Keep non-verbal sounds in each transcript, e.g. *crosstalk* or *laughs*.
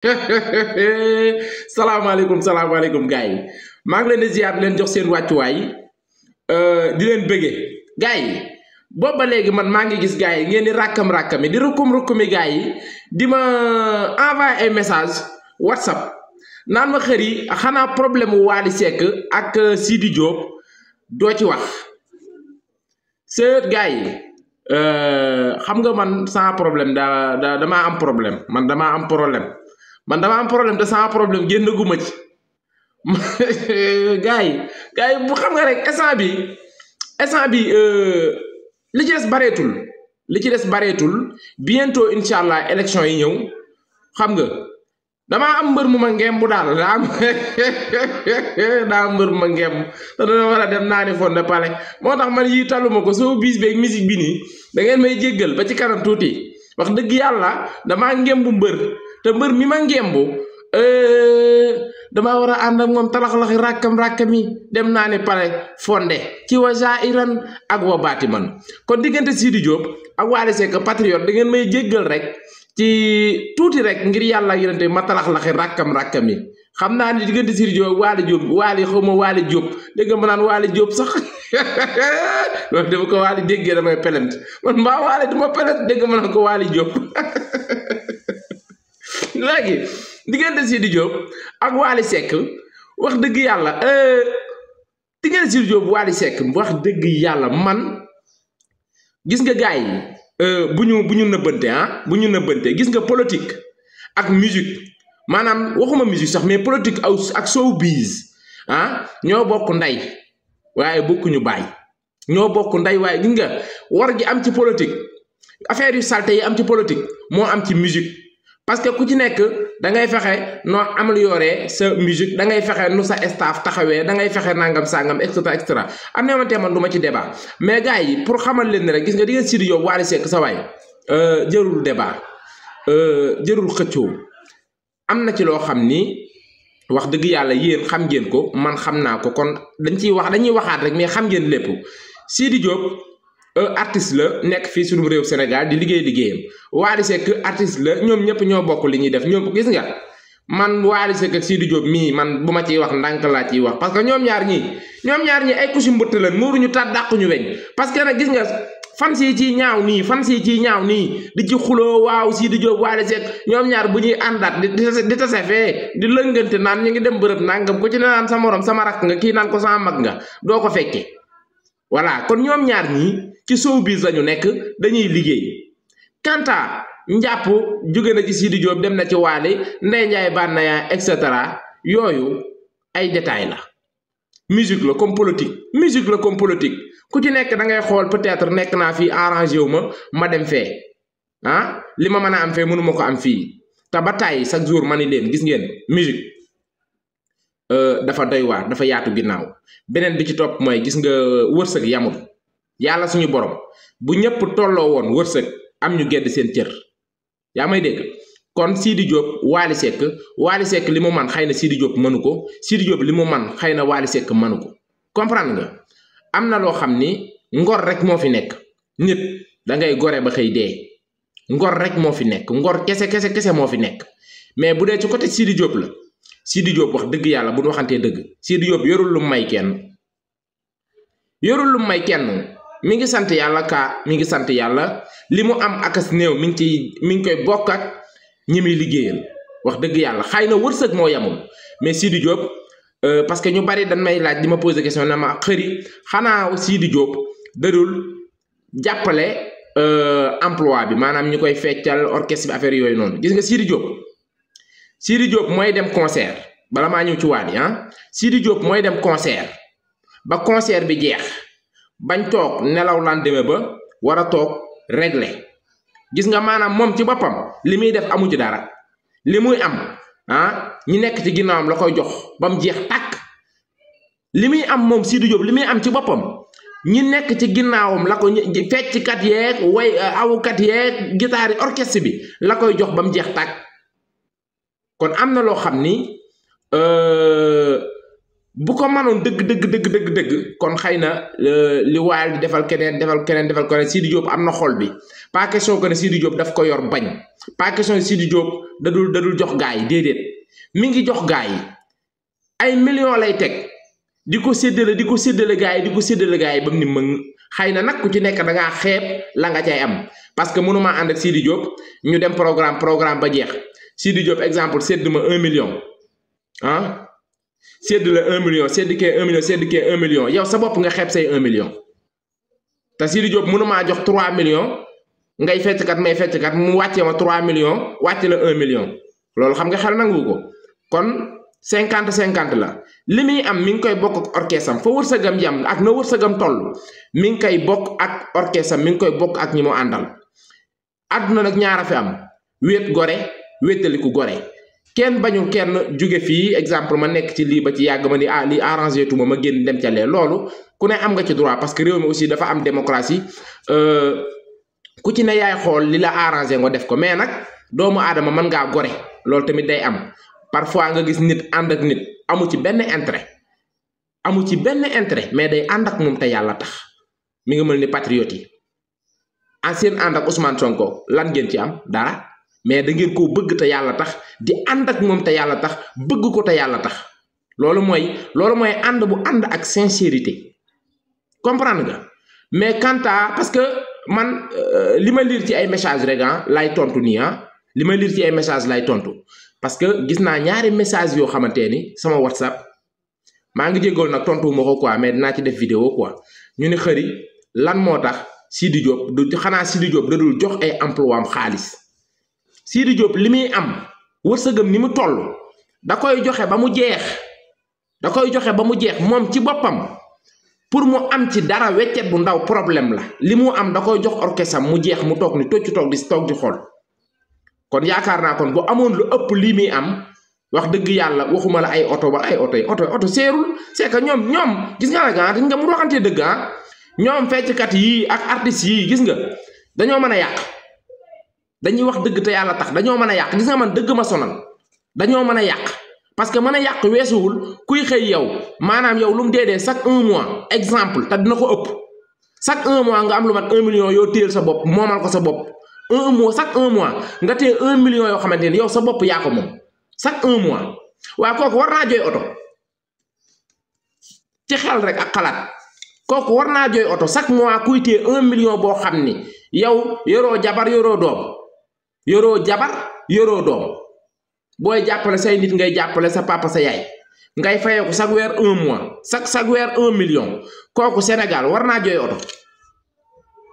*laughs* salaamaaleykum salaamaaleykum gars yi maa ngi leen di ziar leen jox seen wàccuwaay euh, di leen bëggee gars yi boobu léegi man maa ngi gis gars yi ngeen di ràkkam ràkkami di rukkum rukkumi gars yi di ma avant ay message whatsapp naan ma xër yi xanaa problème wu Wally Seck ak euh, Sidi Diop doo ci wax seet gars yi. Euh, xam nga man saa problème da da damaa am problème man damaa am problème. man dama am problème de sans problème génn guma ci gaay *laughs* gaay bu xam nga rek essence bi essence bi euh, li ci dess barétul li ci dess barétul bientôt inshallah élection yi ñew xam nga dama am mbeur mu ma bu dal da am da am mbeur ma da na wara dem naani fond de palais motax man yi taluma ko bis beeg musique bi ni da ngeen may jéggal ba ci kanam touti wax deug yalla dama bu mbeur te mbeur mi eh, ma euh dama wara and ak mom talaxlaxi rakkam rakam rakami dem naa ne pare fondé ci wa iran ak wa batiman kon digënté Sidi job ak walé sék patriote da ngeen may jéggal rek ci touti rek ngir yalla ak ma talaxlaxi rakkam rakam rakami xamna ni digënté Sidi job walé job walé xawma walé job dégg ma naan walé job sax *laughs* loolu dama ko walé déggé damay pelent man ma walé duma pelent dégg ma ko walé job *laughs* *laughs* lagi diggante di job ak wali sek wax dëgg yalla euh diggante di job wali sek wax degi yalla man gis nga gaay euh buñu buñu bu ñu buñu ah gis nga politique ak musique manam waxuma musique sax mais politique ak showbiz ah ñoo bokk nday bokku ñu bay ñoo bokk nday waye gis nga war gi am ci politique affaire yu salté yi am ci politique mo am ci musique parce que ku ci nekk da ngay fexe noo yoré sa musique da ngay fexe nu sa staff taxawé da ngay fexe nangam sangam et cetera et cetera am na yoo man du ci débat mais gars yi pour xamal leen rek gis nga di ngeen Sidy Diop Wally Seck sa waay euh, jërul débat euh jërul xëccu amna ci lo xamni wax deug yalla yeen xam ngeen ko man xamna ko kon dañ ci wax dañuy waxat rek mais xam ngeen lépp Sidy Diop. Euh, artiste la nekk fii suñu réew Sénégal di liggéey liggéeyam Wally Seck artiste la ñoom ñëpp ñoo bokk li ñuy def ñoom gis nga man Wally Seck ak Sidy mii man bu ma ciy wax ndànk laa ci wax parce que ñoom ñaar ñii ñoom ñaar ñii ay kusi mbëtt lan muuruñu tat dàquñu weñ parce que nag gis nga fans yi ciy ñaaw nii fans yi ciy ñaaw nii di ci xuloo waaw Sidy Diop Wally Seck ñoom ñaar bu ñuy àndaat di tase fee di lëngante naan ñu ngi dem bërëb nangam ko ci ne naan sa moroom sama rakk nga kii naan ko sama mag nga doo ko fekkee voilà kon ñoom ñaar ñii ci soow showbiz lañu nekk dañuy liggéey kanta njàpp jóge na ci Sidi Diop dem na ci Waly Ndeye Ndiaye Banaya et cetera yooyu ay détails la musique la comme politique musique la comme politique ku ci nekk da ngay xool peut-être nekk naa fii arrangé wu ma ma dem fee ah li ma mën a am fee mënuma ko am fii te ba tàyyi chaque jour ma ni leen gisngeen ngeen Euh, dafa doy waar dafa yaatu ginnaaw beneen bi ci topp mooy gis nga wërsëg yamul yàlla suñu borom bu ñëpp tolloo woon wërsëg am ñu gedd seen cër yaa may dégg kon Sidi Diop wali Seck wali Seck li mu man xëy na Sidi Diop mënu ko Sidi Diop li man xëy na Wally Seck mënu ko comprendre nga am na loo ngor rek moo fi nekk nit da ngay gore ba xëy dee ngor rek moo fi nekk ngor kese kese kese moo fi nekk mais bu dee ci côté Sidi Diop la Sidi job wax deug yalla bu waxante deug Sidi job yorul lu may kenn yorul lu may kenn mi ngi sante yalla ka mi ngi sante yalla limu am akas neo, mi ngi mi ngi koy bok ak ñimi muy wax deug yalla xayna wërseuk mo yamul mais Sidi euh parce que ñu bari dañ may laaj di ma poser question na ma xëri xana Sidi deul jappalé euh emploi bi manam ñukoy koy feccal orchestre bi affaire yoy non gis nga Sidi job Sidi Diop moy dem concert bala ma ñëw ci waani ah Sidi Diop moy dem concert ba concert bi jeex bañ tok nelaw lan deme ba wara tok toog gis nga manam mom ci bopam limi def amu ci dara limuy am ah ñi nekk ci ginnawam la koy jox bam jeex tak limi am mom Sidi Diop limi am ci nyinek, ñi nekk ci ginnawam la ko kat yeek way kat yeek guitare orchestre bi la koy jox bam jeex tak kon am na loo xam ni euh, bu ko mënoon dëgg dëgg dëgg dëgg kon xëy na euh, li waayal di defal keneen defal keneen defal ko ne Sidi Diop am na xol bi pas question que ne Sidi Diop daf ko yor bañ pas Sidi Diop dadul dadul jox gaa yi déedéet mi ngi jox gaa yi ay millions lay teg di ko séddale di ko séddale gaa yi di ko séddale gaa yi ba mu ni mëng xëy na nag ku ci nekk dangaa ngaa xeeb la nga cay am parce que mënuma ànd ak Sidi Diop ñu dem programme programme ba jeex. Sidi Diop exemple sedd ma 1 million ah sedd la 1 million sedd kee 1 million sedd kee 1 million yow sa bop nga xeeb say 1 million te Sidi Diop mënumaa jox 3 millions ngay kat may kat mu wàccee ma 3 millions wàcce la 1 million loolu xam nga xal nangu kon 50 50 la limi am mi ngi koy bok ak orchestre am fa yam ak no wursagam toll mi ngi koy bok ak orchestre mi koy bok ak ñimo andal aduna nak ñaara fi am wet gore wéttaliku gore kenn bañu kenn jóge fii exemple ma nekk ci lii ba ci yàgg ma ni ah lii arrangé tuma ma génn dem ca lee loolu ku ne am nga ci droit parce que réew mi aussi dafa am démocratie euh, ku ci ne yaay xool li la arrangé nga def ko mais nag doomu aadama mën ngaa gore loolu tamit day am parfois nga gis ànd ak nit amu ci benn intérêt amu ci benn intérêt mais day ànd ak moom te yàlla tax mi ngi mel ni patriote yi ancien ànd ak Ousmane Sonko lan ngeen ci am dara mais da ngeen koo bëgg te yàlla tax di ànd ak moom te yàlla tax bëgg ko te yàlla tax loolu mooy loolu mooy ànd bu ànd ak sincérité comprendre nga mais quant à parce que man euh, li ma lire ci ay message rek ah lay tontu nii ah li ma lire ci ay message lay tontu parce que gis naa ñaari message yoo xamante ni sama whatsapp maa ngi jégool nag tontu ma ko quoi mais dinaa ci def vidéo quoi ñu ne xëri lan moo tax Sidi Diop du xanaa Sidi Diop da dul jox ay emploi am xaalis sidi job limi am wërsëgam ni mu dakoy da koy joxe ba mu jeex da koy joxe ba mu jeex mom ci bopam pour mu am ci dara weccet bu ndaw problème la limu am da koy jox orchestre mu jeex mu tok ni tocc tok di tok di xol kon yakarna kon bo amone lu upp limi am wax deug yalla waxuma la ay auto ba ay auto yi auto oto seerul c'est que ñom ñom gis nga nag ah dañ nga mu deug ha ah, ñom fecc kat yi ak artiste yi gis nga dañu mëna yak dañuy wax dëgg te yàlla tax dañoo mën a yàq di sa man dëgg ma sonal dañoo mën a yàq parce que mën a yàq weesuwul kuy xëy yow maanaam yow lu mu dee dee sa un mois exemple te dina ko ëpp chaque un mois nga am lu mat un million yoo téyel sa bopp moomal ko sa bopp un mois chaque un mois nga téye un million yoo xamante ne yow sa bopp yaa ko moom chaque un mois waaye kooku war naa jooy oto ci rek ak xalaat kooku war naa jooy oto chaque mois kuy téye un million boo xam ni yow yoroo jabar yoroo doom Yoro jabar Yoro dom Boy jappale say nit ngay jappale sa papa sa yaay ngay ko chaque wèr 1 mois chaque chaque wèr warna million koku Sénégal warna joy auto.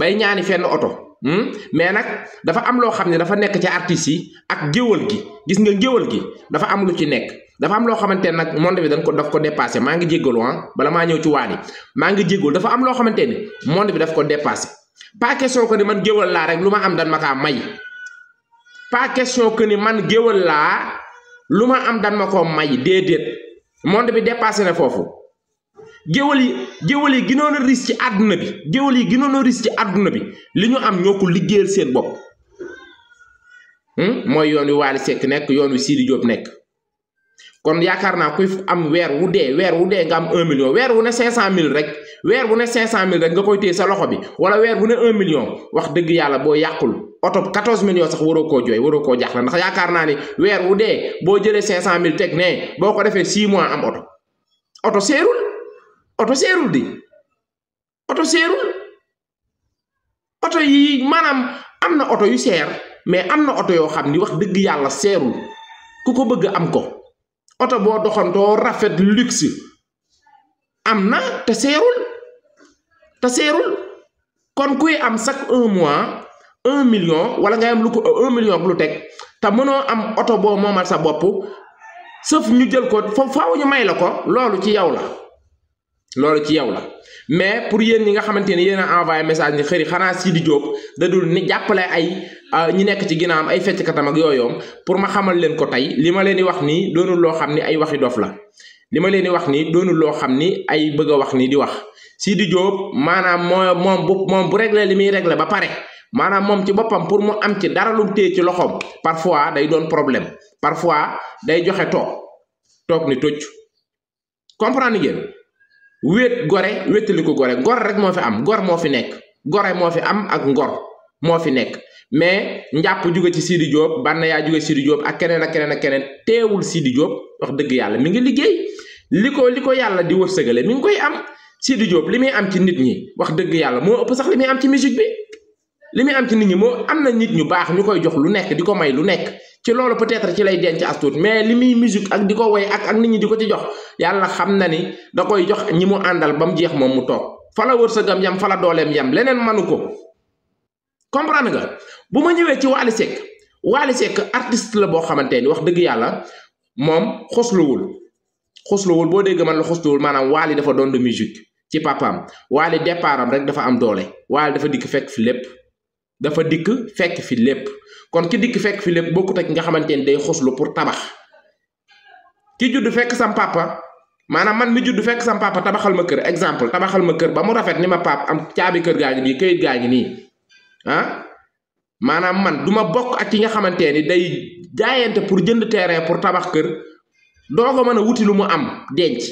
bay ñaani fenn hmm mais nak dafa am lo xamni dafa nek ci artiste yi ak géwal gi gis nga géwal gi dafa am lu ci nek dafa am lo xamante nak monde bi dañ ko daf ko dépasser ma nga ah. bala ma ñëw ci wani ma nga dafa am lo xamante monde bi daf ko dépasser pa question ko ni man la rek luma am dan maka may pas question que ni man géwal laa lu ma am dan ma ko may déedéet monde bi dépassé na foofu géwal yi géwal yi ci àdduna bi géwal yi gënoon a ci àdduna bi li ñu am ñoo ko liggéeyal seen bopp hmm? mooy yoon wi Waly Seck nekk yoon wi Sidi Diop nekk kon yaakaar naa kuy am weer wu dee weer wu dee nga am un million weer wu ne cinq cent mille rek weer ne cinq cent mille rek nga koy téye sa loxo bi wala weer wu ne un million wax dëgg yàlla boo yàqul oto 14 millions sax waroo koo jooy waroo koo jaaxle ndax yaakaar naa weer wu dee boo jëlee cinq cent mille teg ne boo ko defee six mois am oto oto seerul oto seerul di oto seerul oto yi maanaam am na oto yu seer mais am na oto yoo xam ni wax dëgg yàlla seerul ku ko bëgg am ko oto boo doxantoo rafet luxe am na te seerul te seerul kon kuy am chaque un mois un million wala ngay am lu ko un million lu teg te mënoo am oto boo moomal sa bopp sëf ñu jël ko foofu faaw ñu may la ko loolu ci yow la loolu ci yow la mais pour yéen ñi nga xamante ni yéen a envoyé message ni xëri xanaa Sidi Diop da dul ni jàppale ay euh, ñi nekk ci ginnaawam ay fecckatam ak yooyoom pour ma xamal leen ko tey li ma leen di wax nii doonul loo xam ni ay waxi dof la li ma leen di wax nii doonul loo xam ni ay bëgg wax ni di wax Sidi Diop maanaam moo moom bu moom bu réglé li muy réglé ba pare maanaam moom ci boppam pour mu am ci dara lu téye ci loxoom parfois day doon problème parfois day joxe toog toog ni tocc comprendre ngeen wéet gore wéetali ko gore gor rek moo fi am gor moo fi nekk gore moo fi am ak ngor moo fi nekk mais njàpp jóge ci Sidi Diop bann yaa jóge Sidi Diop ak keneen ak keneen ak keneen teewul Sidi Diop wax dëgg yàlla mi ngi liggéey li ko li ko yàlla di wërsëgale mi ngi koy am Sidi Diop li muy am ci nit ñi wax dëgg yàlla moo ëpp sax li muy am ci musique bi li muy am ci nit ñi moo am na nit ñu baax ñu koy jox lu nekk di ko may lu nekk ci loolu peut-être ci lay denc as tuut mais li muy musique ak di ko woy ak ak nit ñi di ko ci jox yàlla xam na ni da koy jox ñi mu àndal ba mu jeex moom mu toog fa fala wërsëgam yam fala dooleem yam leneen manu ko comprendre nga bu ma ñëwee ci Wally Seck Wally Seck artiste la boo xamante ni wax dëgg yàlla moom xosluwul xosluwul boo dégg man la xosluwul maanaam Wally dafa doon de musique ci papaam Wally départam rek dafa am doole Wally dafa dikk fekk fi lépp dafa dikk fekk fi lépp kon ki dikk fekk fi lépp bokkut ak nga xamante ni day xoslu pour tabax ki judd fekk sam maanaam man mi judd fekk sam tabaxal ma kër exemple tabaxal ma kër ba mu rafet ni ma pap am caabi kër gaa ngi nii këyit gaa ngi nii ah maanaam man duma bokk ak ki nga xamante ni day jaayante pour jënd terrain pour tabax kër doo ko mën a wuti lu mu am denc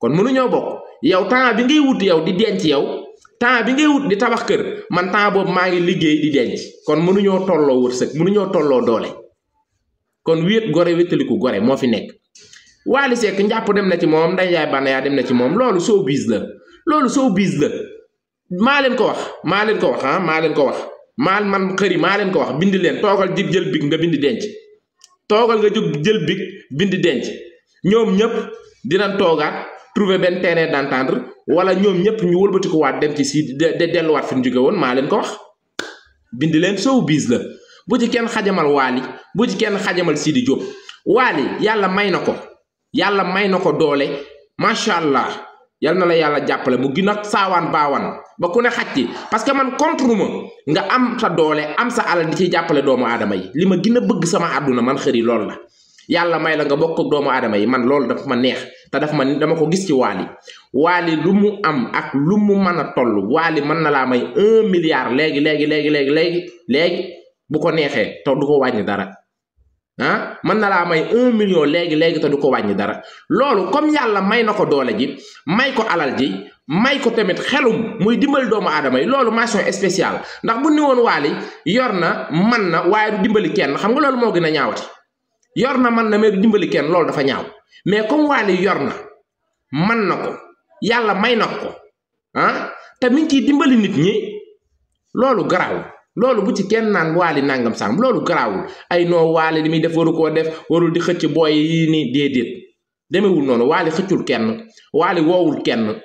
kon mënuñoo bokk yow temps bi ngay wut yow di denc yow temps bi ngay wut di tabax kër man temps boobu maa ngi liggéey di denc kon mënuñoo tolloo wërsëg mënuñoo tolloo doole kon wéet gore wétaliku gore moo fi nekk Wally Seck njàpp dem na ci moom nday yaay bànn yaa dem na ci moom loolu soo biis la loolu soo biis la maa leen ko wax maa leen ko wax ah maa leen ko wax maa man xëri maa leen ko wax bind leen toogal jig jël big nga bind denc toogal nga jóg jël big bind denc ñoom ñëpp dinañ toogaat trouver ben terrain d'entendre wala ñom ñep ñu wëlbeuti ko waat dem ci si de delluwaat fi ñu jóge won ma leen ko wax bind leen sow biis la bu ci kenn xajamal wali bu ci kenn xajamal Sidi job wali yalla may nako yalla may nako doole ma sha allah yalla na la yalla jappale mu gina sawan bawan ba ku ne xaj parce que man contre ma nga am sa doole am sa ala di ci jappale doomu adamay lima gina bëgg sama aduna man xëri lool la yalla may la nga bokk doomu adamay man lool dafa ma neex ta daf ma dama ko gis ci wali wali lu am ak lumu mana tol, wali wali waali na la may 1 milliard legi legi legi legi legi legi bu ko nexé to du ko wañi dara ah man na la may 1 million legi legi to du ko wañi dara loolu comme yalla may nako ko doole ji may ko alal ji may ko tamit xelum muy dimbal doomu adamay yi mention spéciale ndax bu ni won wali yorna na man na waye du dimbali kenn xam nga loolu mo gëna ñaawati yorna man na me du dimbali kenn loolu dafa ñaaw mais comme Wally yor na man na ko yàlla may na ko ah te mi ngi dimbali nit ñi loolu garaawul loolu bu ci kenn naan Wally nangam sàmm loolu garaawul ay noo Wally li muy def waru koo def warul di xëcc booy yi ni demewul noonu Wally xëccul kenn Wally woowul kenn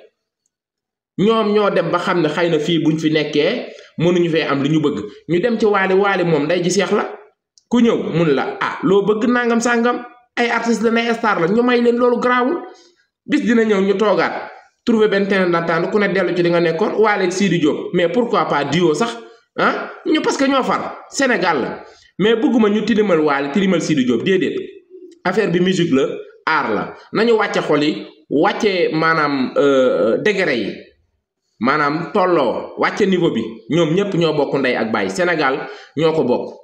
ñoom ñoo dem ba xam ne xëy na fii buñ fi nekkee mënuñu fee am li ñu bëgg ñu dem ci Wally Wally moom day ji seex la ku ñëw mun la ah loo bëgg nangam sàngam ay artistes la mais star la ñu may leen loolu garaawul bis dina ñëw ñu toogaat trouver benn terrain d'entente ku ne dellu ci li nga nekkoon Wally ak Sidi Diop mais pourquoi pas duo sax ah ñu parce que ñoo far Sénégal la mais bëgguma ñu tilimal Wally tilimal Sidi Diop déedéet affaire bi musique la aar la nañu wàcce xol yi wàcce maanaam euh, degré yi maanaam tolloo wàcce niveau bi ñoom ñëpp ñoo bokk ndey ak baay Sénégal ñoo ko bokk.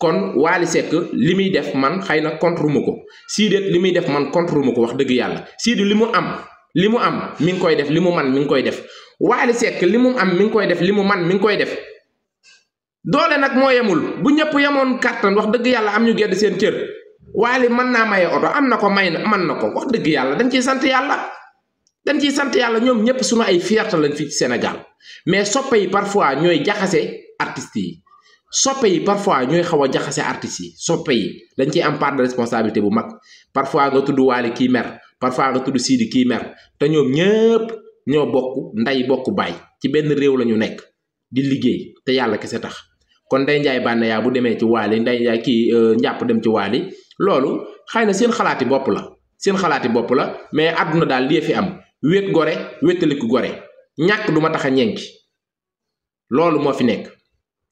kon wali sek limi def man xeyna contre ma Si Sidy li def man contre moko wax deug yalla Sidy li mu am limu am mi ngi koy def limu man mi koy def wali sek limu am mi ngi koy def limu man mi ngi koy def dole nak moo yemul bu ñepp yemoon kàttan wax deug yalla am ñu gedd seen cieur wali man na maye auto am nako may na man nako wax deug yalla dañ ciy sante yalla dañ ciy sante yalla ñom ñepp suñu ay fierté lañ fi ci Sénégal mais soppe yi parfois ñoy jaxase artistes yi soppe yi parfois ñooy xaw a jaxase artistes yi soppe yi dañ ciy am part responsabilité bu mag parfois nga tudd Waly kii mer parfois nga tudd siidi kii mer te ñoom ñëpp ñoo bokk nday bokk baay ci benn réew la ñu nekk di liggéey te yàlla kese tax kon Ndeye Ndiaye Banaya bu demee ci Waly Ndeye Ndiaye kii euh, njàpp dem ci Waly loolu xëy na seen xalaati bopp la seen xalaati bopp la mais àdduna daal li fi am wéet gore wéetaliku gore ñàkk du ma tax a ñenki loolu moo fi nekk.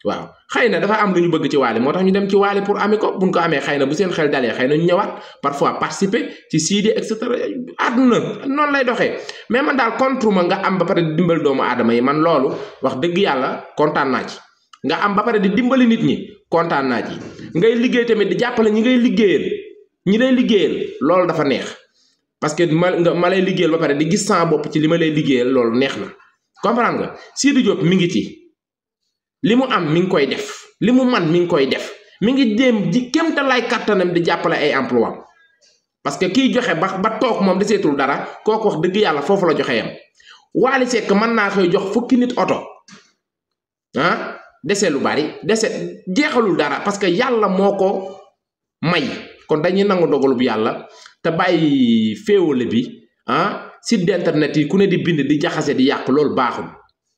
waaw xeyna dafa am ñu bëgg ci walé motax ñu dem ci walé pour amé ko buñ ko amé xeyna bu seen xel dalé xeyna ñu ñëwaat parfois participer ci CD et cetera aduna non lay doxé mais man dal contre ma nga am ba paré dimbal doomu adama yi man loolu wax dëgg yalla contane na ci nga am ba paré di dimbali nit ñi contane na ci ngay liggéey tamit di jappalé ñi ngay liggéeyal ñi lay liggéeyal loolu dafa neex parce que ma lay liggéeyal ba paré di gis sa bop ci ma lay liggéeyal loolu neex na comprendre nga Sidi Diop mi ngi ci li mu am mi ngi koy def li man mi ngi koy def mi ngi jéem ji kémta lay kàttanam di jàppale ay emploi parce que kiy joxe ba ba toog moom deseetul dara kooku wax dëgg yàlla foofu la joxe yam mën naa koy jox fukki nit oto ah dese lu bari dese jeexalul dara parce que yàlla moo ko may kon dañuy nangu bu yàlla te bàyyi féewale bi ah si internet yi ku ne di bind di jaxase di yàq loolu baaxul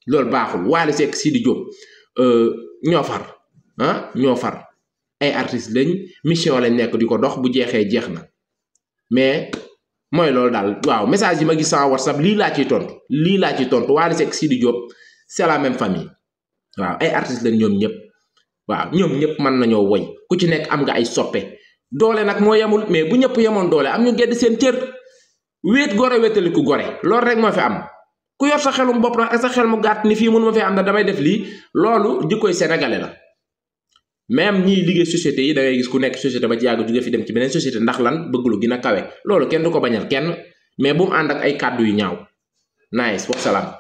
loolu baaxul Wally Seck Sidy Euh, ñoo far ah ñoo far ay artistes lañ mission lañ nekk di ko dox bu jeexee jeex na mais mooy loolu daal waaw message yi ma gis sama WhatsApp lii laa ci tontu lii laa ci tontu Wally Seck Sidi Diop c'est la même famille waaw ay artistes lañ ñoom ñëpp waaw ñoom ñëpp mën nañoo woñ ku ci nekk am nga ay soppe doole nag moo yamul mais bu ñëpp yemoon doole am ñu gedd seen cër wéet gore wéetaliku gore loolu rek moo fi am. ku yor sa xelum bopp nag ak sa xel mu gàtt ni fii mënu ma fee am na damay def lii loolu jikkoy sénégalais la même ñi liggéey société yi da ngay gis ku nekk société ba ci yàgg jóge fi dem ci beneen société ndax lan bëgg lu gën a kawe loolu kenn du ko bañal kenn mais bu ànd ak ay kàddu yu ñaaw nice wa salaam